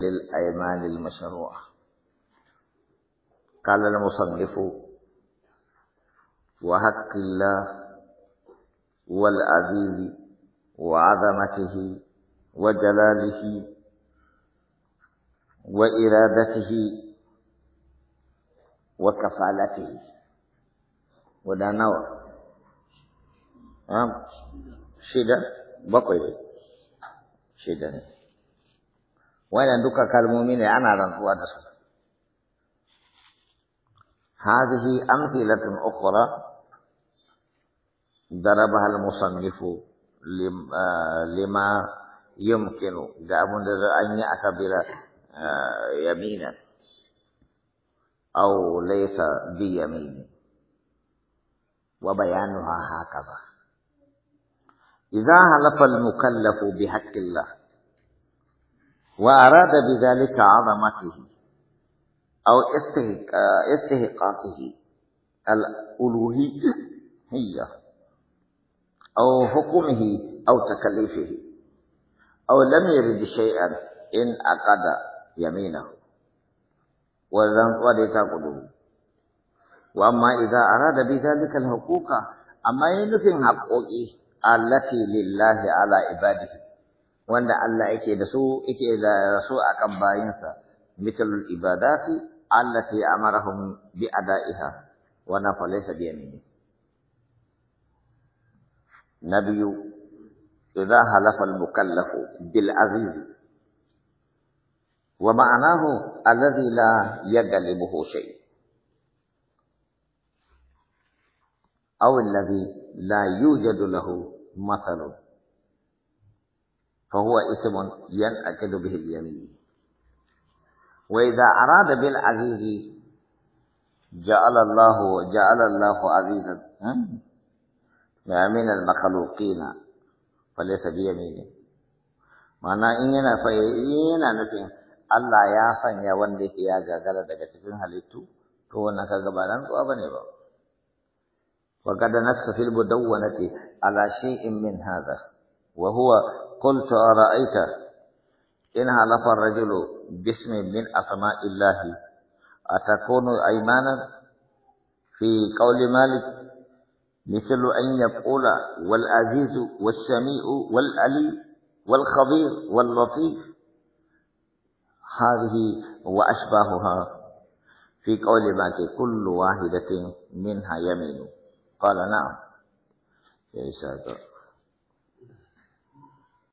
للأيمان المشروعة قال المصنف وحق الله والعزيز وعظمته وجلاله وإرادته وكفالته ولا نوى شدة بقي شدة وين duka kalmomi ne ana rantsuwa هذه أمثلة أخرى ضربها المصنف لما يمكن جاب أن يعتبر يمينا أو ليس بيمين وبيانها هكذا إذا حلف المكلف بحق الله وأراد بذلك عظمته أو استحقاقه الألوهية أو حكمه أو تكليفه أو لم يرد شيئا إن أقد يمينه وذنب قدره وأما إذا أراد بذلك الحقوق أما ينفي حقوقه التي لله على عباده wanda Allah yake da su yake da su akan bayinsa mithlul ibadati allati amarahum bi ada'iha wa na nafalisa bi yamini nabiyu idza halafa al mukallafu bil aziz wa ma'nahu alladhi la yaghlibuhu shay aw alladhi la yujadu lahu mathalun فهو اسم ينأكد به اليمين وإذا أراد بالعزيز جعل الله جعل الله عزيزا من المخلوقين فليس بيمينه معناه إن ينا yana nufin. Allah ya sanya wanda yake ya gagara daga cikin halittu to wannan kaga ba nan kuwa bane ba wa qad nassa fil mudawwanati ala shay'in min hadha wa huwa قلت أرأيت إنها لفى الرجل باسم من أسماء الله أتكون أيمانا في قول مالك مثل أن يقول والعزيز والسميع والعلي والخبير واللطيف هذه وأشباهها في قول مالك كل واحدة منها يمين قال نعم يا إسحاق